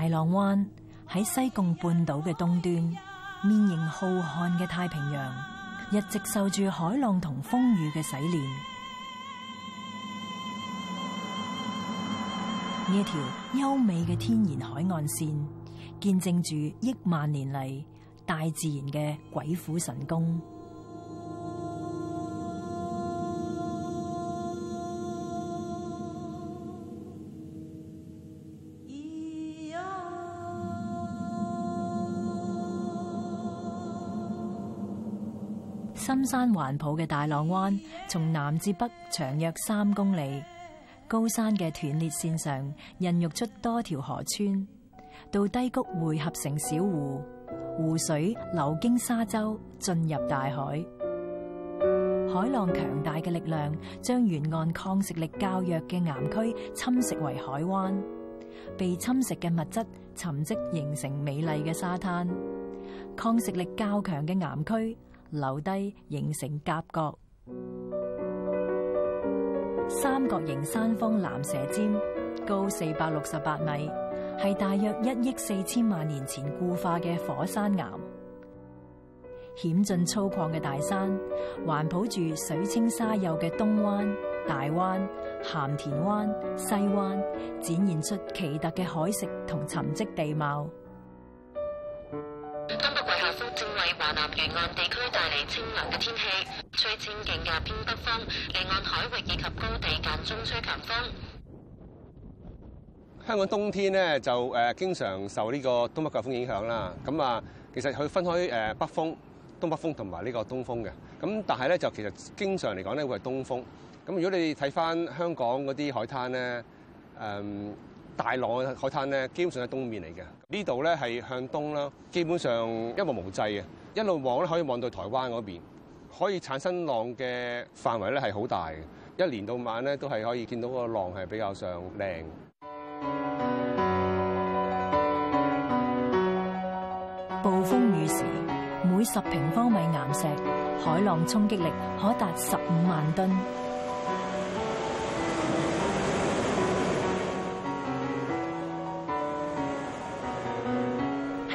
大浪灣喺西貢半島嘅東端，面迎浩瀚嘅太平洋，一直受住海浪同風雨嘅洗練。呢一條優美嘅天然海岸線，見證住億萬年嚟，大自然嘅鬼斧神工。深山環抱嘅大浪灣，從南至北長約三公里。高山嘅斷裂線上，孕育出多條河川，到低谷匯合成小湖，湖水流經沙洲，進入大海。海浪強大嘅力量，將沿岸抗蝕力較弱嘅岩區侵蝕為海灣。被侵蝕嘅物質沉積形成美麗嘅沙灘。抗蝕力較強嘅岩區，留低形成夾角，三角形山峰蚺蛇尖高四百六十八米，係大約一億四千萬年前固化嘅火山岩。險峻粗獷嘅大山，環抱住水清沙幼嘅東灣、大灣、鹹田灣、西灣，展現出奇特嘅海蝕同沉積地貌。沿岸地區帶嚟清涼嘅天氣，最清勁嘅偏北風，離岸海域以及高地間中吹強風。香港冬天咧就誒、呃、經常受呢個東北季風影響啦。咁啊，其實佢分開誒北風、東北風同埋呢個東風嘅。咁但係咧就其實經常嚟講咧會係東風。咁如果你睇翻香港嗰啲海灘咧，誒、呃、大浪海灘咧，基本上係東面嚟嘅。這裡呢度咧係向東啦，基本上一望無，無際嘅。一路望咧，可以望到台灣嗰邊，可以產生浪嘅範圍咧係好大嘅。一年到晚咧都係可以見到個浪係比較上靚。暴風雨時，每十平方米岩石海浪衝擊力可達十五萬噸。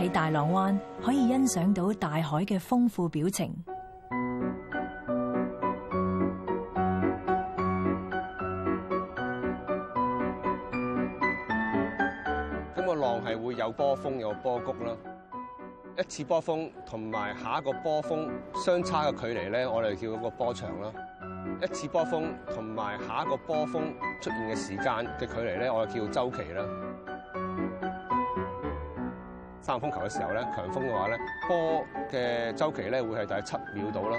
喺大浪灣可以欣賞到大海嘅豐富表情。咁個浪係會有波峰有波谷啦，一次波峰同埋下一個波峰相差嘅距離咧，我哋叫個波長啦。一次波峰同埋下一個波峰出現嘅時間嘅距離咧，我哋叫周期啦。三風球嘅時候咧，強風嘅話咧，波嘅周期咧會係大概七秒度啦。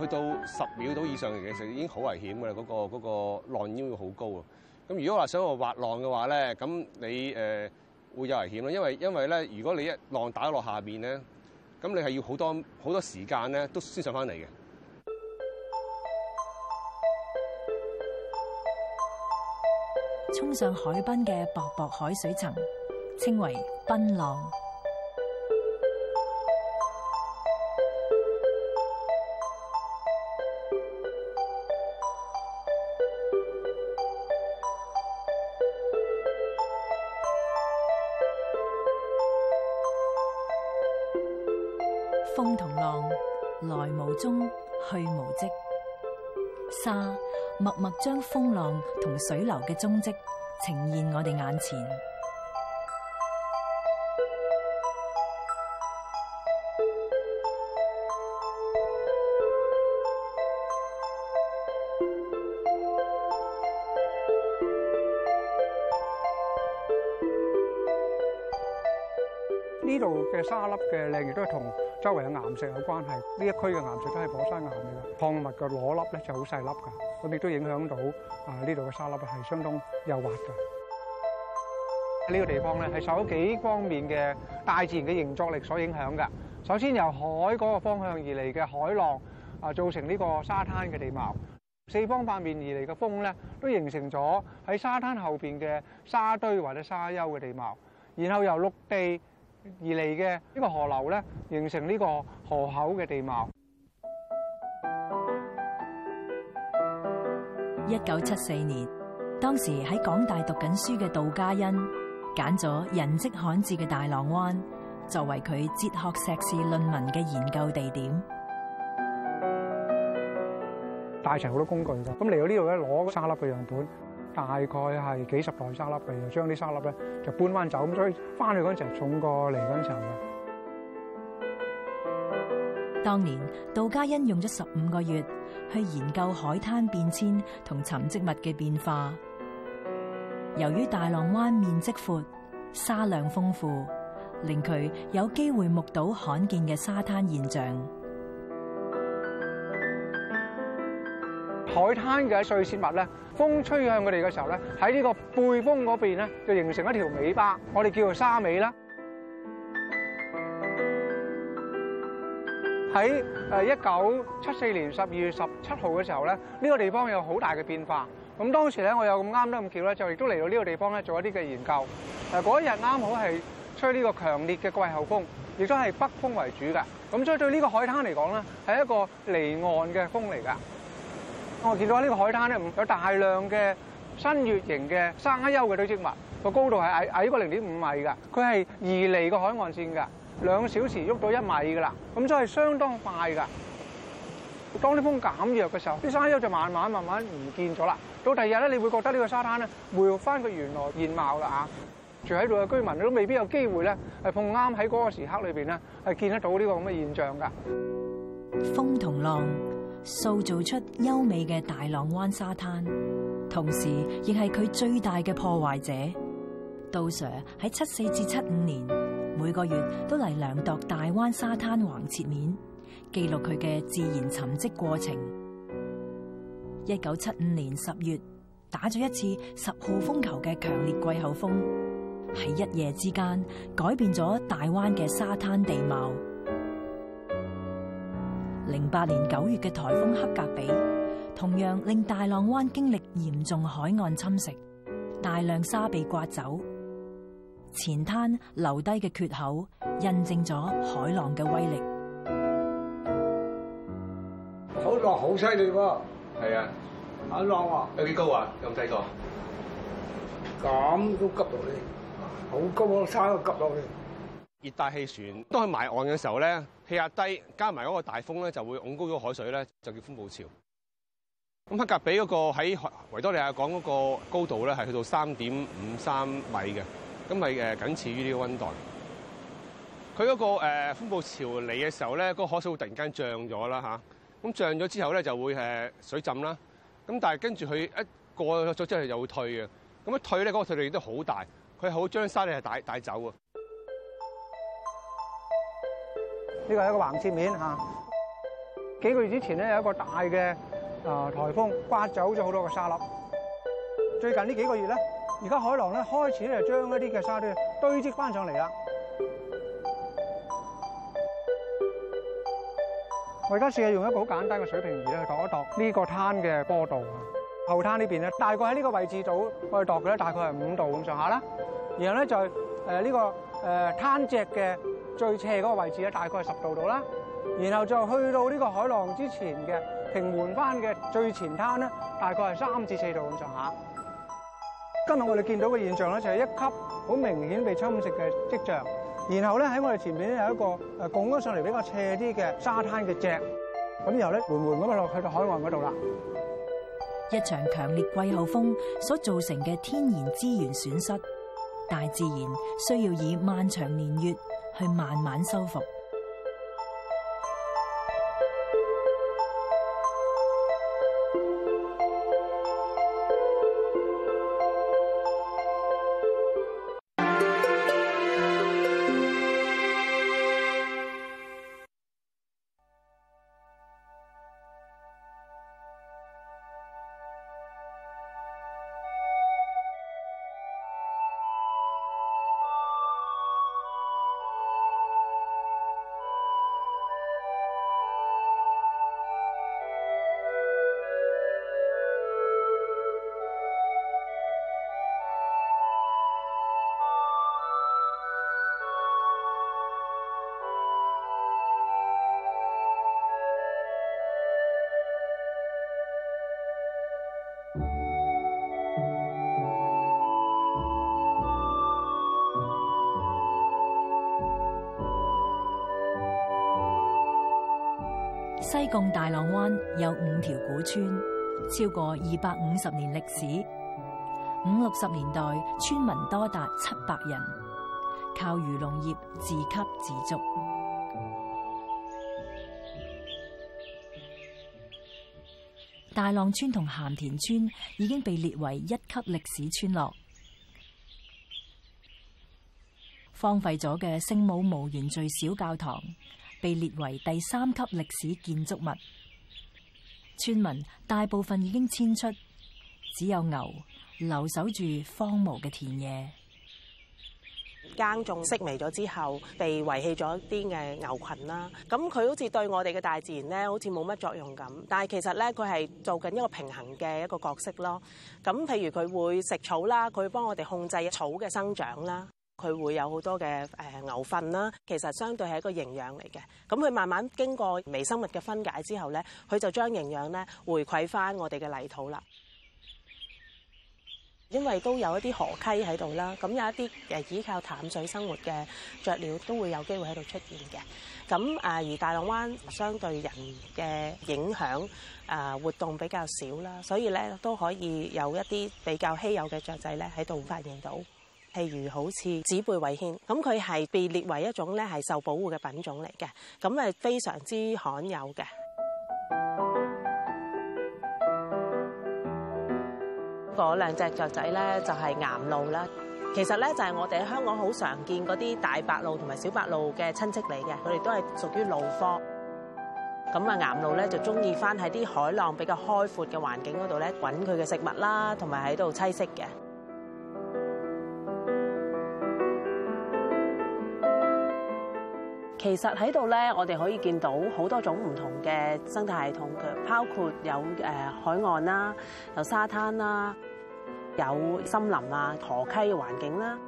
去到十秒度以上嘅其實已經好危險嘅啦，嗰、嗰個嗰個浪腰會好高啊。咁如果話想去滑浪嘅話咧，咁你誒、呃、會有危險咯，因為因為咧，如果你一浪打落下邊咧，咁你係要好多好多時間咧，都先上返嚟嘅。衝上海濱嘅薄薄海水層。稱為奔浪，風同浪來無蹤，去無迹，沙默默將風浪同水流嘅蹤迹呈現我哋眼前。呢度嘅沙粒嘅靚，亦都係同周圍嘅岩石有關係。呢一區嘅岩石都係火山岩嚟嘅，礦物嘅裸粒咧就好細粒噶，咁亦都影響到啊。呢度嘅沙粒係相當幼滑嘅。呢個地方咧係受咗幾方面嘅大自然嘅營作力所影響嘅。首先由海嗰個方向而嚟嘅海浪啊、呃，造成呢個沙灘嘅地貌；四方八面而嚟嘅風咧，都形成咗喺沙灘後邊嘅沙堆或者沙丘嘅地貌。然後由陸地而嚟嘅呢個河流咧，形成呢個河口嘅地貌。一九七四年，當時喺港大讀緊書嘅杜嘉欣，揀咗人跡罕至嘅大浪灣，作為佢哲學碩士論文嘅研究地點。帶齊好多工具㗎，咁嚟到呢度咧，攞沙粒嘅樣本。大概係幾十袋沙粒嘅，將啲沙粒咧就搬翻走，咁所以翻去嗰陣時重過嚟嗰陣時候嘅。當年杜嘉欣用咗十五個月去研究海灘變遷同沉積物嘅變化。由於大浪灣面積闊，沙量豐富，令佢有機會目睹罕見嘅沙灘現象。海灘嘅碎屑物咧，風吹向佢哋嘅時候咧，喺呢個背風嗰邊咧，就形成一條尾巴，我哋叫做沙尾啦。喺誒一九七四年十二月十七號嘅時候咧，呢、呢個地方有好大嘅變化。咁當時咧，我有咁啱得咁巧咧，就亦都嚟到呢個地方咧，做一啲嘅研究。誒嗰一日啱好係吹呢個強烈嘅季候風，亦都係北風為主嘅。咁所以對呢個海灘嚟講咧，係一個離岸嘅風嚟㗎。我見到呢個海灘咧，有大量嘅新月形嘅沙丘嘅堆積物，個高度係矮矮過零點五米㗎。佢係移離個海岸線㗎，兩小時喐到一米㗎啦。咁真係相當快㗎。當啲風減弱嘅時候，啲沙丘就慢慢慢慢唔見咗啦。到第二日咧，你會覺得呢個沙灘咧，回翻個原來現貌啦啊！住喺度嘅居民都未必有機會咧係碰啱喺嗰個時刻裏邊咧係見得到呢個咁嘅現象㗎。風同浪。塑造出優美嘅大浪灣沙灘，同時亦係佢最大嘅破壞者。杜 Sir 喺七四至七五年，每個月都嚟量度大灣沙灘橫切面，記錄佢嘅自然沉積過程。一九七五年十月，打咗一次十號風球嘅強烈季候風，喺一夜之間改變咗大灣嘅沙灘地貌。零八年九月嘅颱風黑格比，同樣令大浪灣經歷嚴重海岸侵蝕，大量沙被颳走，前灘留低嘅缺口，印證咗海浪嘅威力。海浪好犀利噃！係啊，阿、啊、浪啊，有幾高啊？咁低個咁都急到你，好高啊！山都急落嚟。熱帶氣旋當佢埋岸嘅時候咧。氣壓低，加埋嗰個大風咧，就會擁高咗海水咧，就叫風暴潮。咁黑格比嗰個喺維多利亞港嗰個高度咧，係去到三點五三米嘅，咁係誒僅次於呢個溫度。佢嗰、嗰個風、呃、風暴潮嚟嘅時候咧，嗰個海水會突然間漲咗啦吓，咁、啊嗯、漲咗之後咧，就會、啊、水浸啦。咁、啊、但係跟住佢一個過咗之後，又會退嘅。咁一退咧，嗰個退力亦都好大，佢好將沙泥係帶，帶走㗎。呢個係一個橫切面嚇、啊。幾個月之前咧，有一個大嘅啊颱風刮走咗好多個沙粒。最近呢幾個月咧，而家海浪咧開始咧將一啲嘅沙堆堆積翻上嚟啦。我而家試下用一個好簡單嘅水平儀咧去度一度呢個灘嘅坡度。後灘呢邊咧，大概喺呢個位置度，我哋度嘅咧，大概係五度咁上下啦。然後咧在誒呢，就係呃呢個誒灘脊嘅。呃最斜嗰個位置咧，大概係十度度啦。然後就去到呢個海浪之前嘅平緩翻嘅最前灘咧，大概係三至四度咁上下。今日我哋見到嘅現象咧，就係一級好明顯被侵蝕嘅跡象。然後咧喺我哋前面咧有一個誒拱咗上嚟比較斜啲嘅沙灘嘅脊，咁然後咧緩緩咁啊落去到海岸嗰度啦。一場強烈季候風所造成嘅天然資源損失，大自然需要以漫長年月。去慢慢修復。一共大浪灣有五條古村，超過二百五十年歷史。五六十年代，村民多達七百人，靠漁農業自給自足。大浪村同鹹田村已經被列為一級歷史村落。荒廢咗嘅聖母無原罪小教堂。被列為第三級歷史建築物，村民大部分已經遷出，只有牛留守住荒蕪嘅田野。耕種息微咗之後，被遺棄咗一啲嘅牛群啦。咁佢好似對我哋嘅大自然呢，好似冇乜作用咁。但係其實呢，佢係做緊一個平衡嘅一個角色咯。咁譬如佢會食草啦，佢會幫我哋控制草嘅生長啦。佢會有好多嘅、誒牛糞啦，其實相對係一個營養嚟嘅。咁佢慢慢經過微生物嘅分解之後呢，佢就將營養呢回饋翻我哋嘅泥土啦。因為都有一啲河溪喺度啦，咁有一啲、誒依靠淡水生活嘅雀鳥都會有機會喺度出現嘅。咁啊，而大浪灣相對人嘅影響啊活動比較少啦，所以呢都可以有一啲比較稀有嘅雀仔呢喺度發現到。譬如好似紫背葦鳽，咁佢係被列為一種咧係受保護嘅品種嚟嘅，咁係非常之罕有嘅。嗰兩隻雀仔咧就係岩鷺啦，其實咧就係我哋喺香港好常見嗰啲大白鷺同埋小白鷺嘅親戚嚟嘅，佢哋都係屬於鷺科。咁啊，岩鷺咧就中意翻喺啲海浪比較開闊嘅環境嗰度咧揾佢嘅食物啦，同埋喺度棲息嘅。其實喺度咧，我哋可以見到好多種唔同嘅生態系統，佢包括有誒海岸啦，有沙灘啦，有森林啊，河溪嘅環境啦。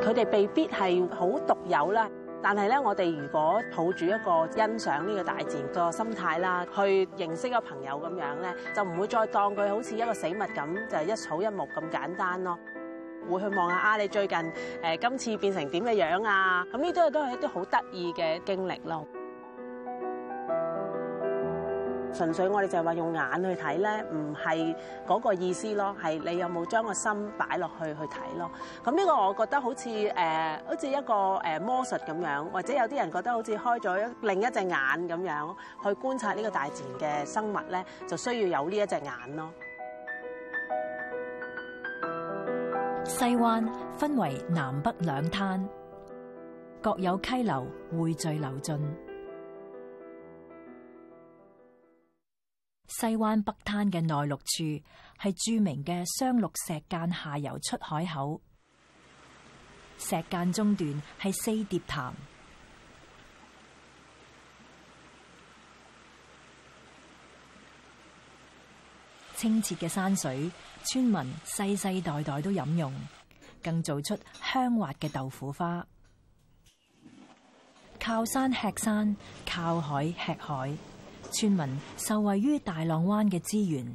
佢哋未必係好獨有啦，但係咧，我哋如果抱住一個欣賞呢個大自然個心態啦，去認識一個朋友咁樣咧，就唔會再當佢好似一個死物咁，就係一草一木咁簡單咯。會去望下啊！你最近誒今次變成點嘅樣啊？咁呢啲都係都係一啲好得意嘅經歷咯。純粹我哋就係話用眼去睇咧，唔係嗰個意思咯，係你有冇將個心擺落去去睇咯？咁呢個我覺得好似誒，好似一個誒魔術咁樣，或者有啲人覺得好似開咗另一隻眼咁樣去觀察呢個大自然嘅生物咧，就需要有呢一隻眼咯。西灣分為南北兩灘，各有溪流匯聚流進西灣北灘嘅內陸處，係著名嘅雙鹿石澗下游出海口。石澗中段係四疊潭。清澈嘅山水，村民世世代代都飲用，更做出香滑嘅豆腐花。靠山吃山，靠海吃海，村民受惠於大浪灣嘅資源，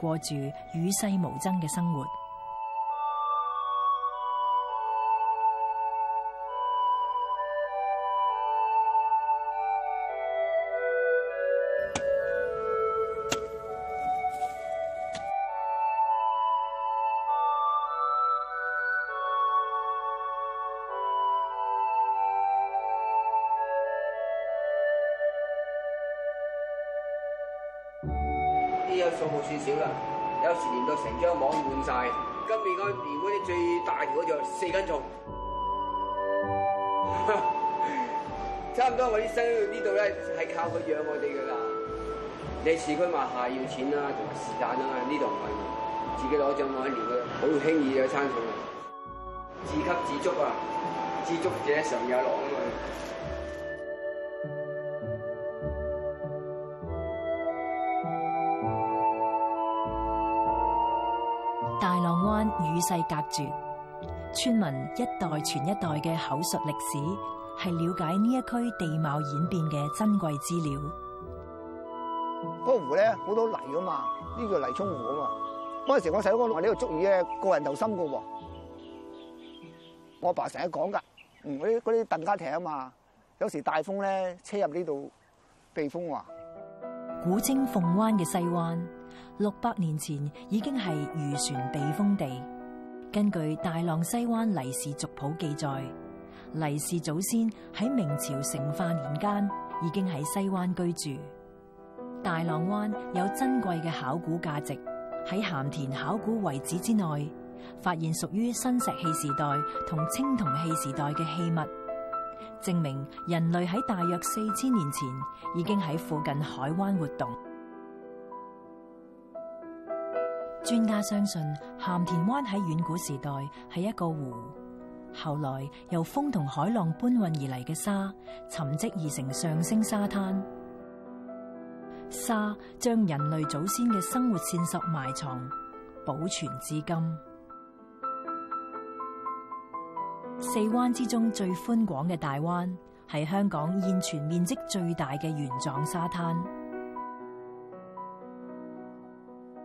過住與世無爭嘅生活。張網滿晒，今年嗰釣嗰啲最大條嗰就四斤重， 差唔多我啲生呢度咧係靠佢養我哋噶啦。你市區買下要錢啦，同埋時間啦，呢度唔係自己攞張網嚟。釣好輕易嘅餐餸，自給自足啊！自足者常有樂啊嘛。與世隔絕，村民一代傳一代嘅口述歷史係了解呢一區地貌演變嘅珍貴資料。嗰個湖咧好多泥啊嘛，呢叫泥涌湖啊嘛。嗰陣時我細個我喺呢度捉魚咧，個人頭深噶。我阿爸成日講噶，嗯嗰啲嗰啲疍家艇啊嘛，有時大風咧，車入呢度避風話。古稱鳳灣嘅西灣，六百年前已經係漁船避風地。根據大浪西灣黎氏族譜記載，黎氏祖先喺明朝成化年間已經喺西灣居住。大浪灣有珍貴嘅考古價值，喺咸田考古遺址之內，發現屬於新石器時代同青銅器時代嘅器物，證明人類喺大約四千年前已經喺附近海灣活動。專家相信，鹹田灣喺遠古時代係一個湖，後來由風同海浪搬運而來嘅沙，沉積而成上升沙灘。沙將人類祖先嘅生活線索埋藏，保存至今。四灣之中最寬廣嘅大灣，係香港現存面積最大嘅原狀沙灘。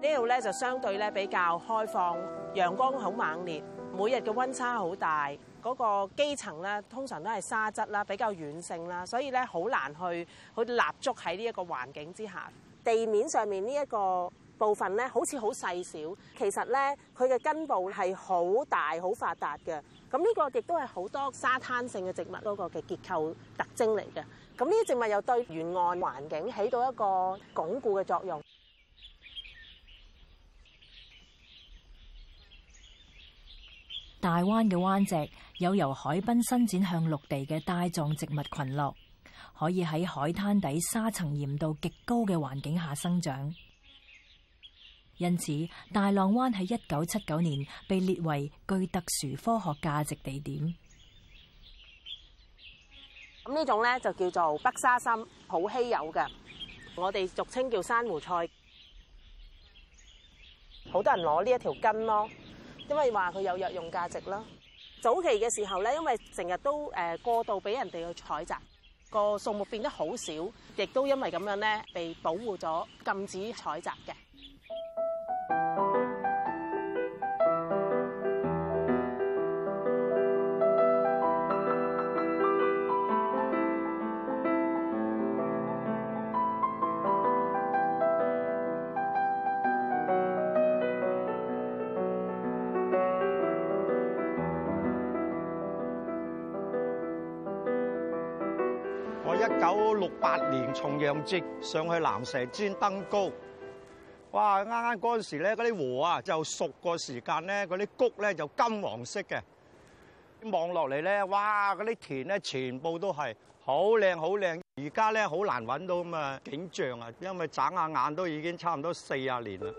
呢度咧就相對咧比較開放，陽光好猛烈，每日嘅溫差好大。嗰個基層咧通常都係沙質啦，比較軟性啦，所以咧好難去去立足喺呢一個環境之下。地面上面呢一個部分咧好似好細小，其實咧佢嘅根部係好大好發達嘅。咁呢個亦都係好多沙灘性嘅植物嗰個嘅結構特徵嚟嘅。咁呢啲植物又對沿岸環境起到一個鞏固嘅作用。大灣嘅灣脊有由海濱伸展向陸地嘅帶狀植物群落，可以喺海灘底沙層鹽度極高嘅環境下生長。因此，大浪灣喺一九七九年被列為具特殊科學價值地點。咁呢種呢，就叫做北沙參，好稀有嘅，我哋俗稱叫珊瑚菜，好多人攞呢一條根咯。因為話佢有藥用價值啦，早期嘅時候咧，因為成日都誒過度俾人哋去採集，個數目變得好少，亦都因為咁樣咧，被保護咗禁止採集嘅。我一九六八年重陽節上去蚺蛇尖登高，哇！啱啱嗰陣時咧，嗰啲禾啊就熟個時間咧，嗰啲谷咧就金黃色嘅，望落嚟咧，哇！嗰啲田咧全部都係好靚好靚，而家咧好難搵到咁嘅景象啊，因為眨下眼都已經差唔多四十年啦。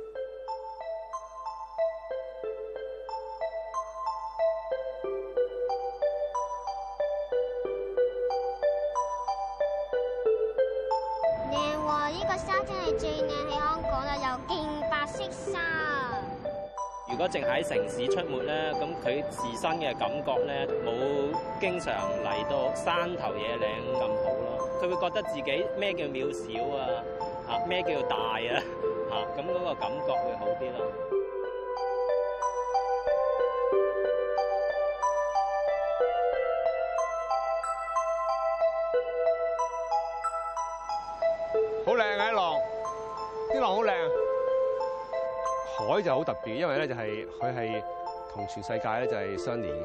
淨喺城市出沒咧，咁佢自身嘅感覺咧，冇經常嚟到山頭野嶺咁好咯。佢會覺得自己咩叫渺小啊？吓咩叫大啊？吓咁嗰個感覺會好啲咯。海就好特別，因為咧就係佢係同全世界咧就係相連嘅。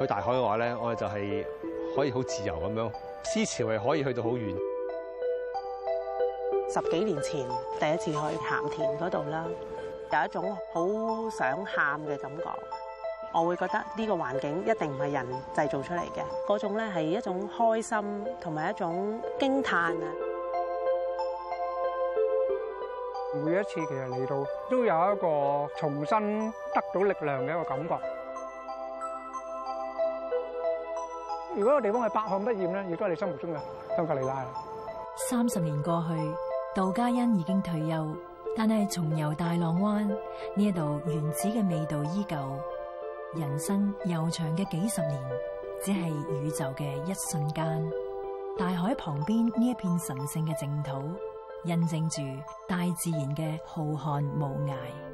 去大海嘅話咧，我哋就係可以好自由咁樣，思潮係可以去到好遠。十幾年前第一次去鹹田嗰度啦，有一種好想喊嘅感覺。我會覺得呢個環境一定唔係人製造出嚟嘅，嗰種咧係一種開心同埋一種驚歎啊！每一次其實嚟到，都有一個重新得到力量嘅一個感覺。如果個地方係百看不厭咧，亦都係你心目中嘅香格里拉。三十年過去，杜嘉欣已經退休，但係重遊大浪灣呢一度原始嘅味道依舊。人生悠長嘅幾十年，只係宇宙嘅一瞬間。大海旁邊呢一片神聖嘅淨土。印證住大自然嘅浩瀚無涯。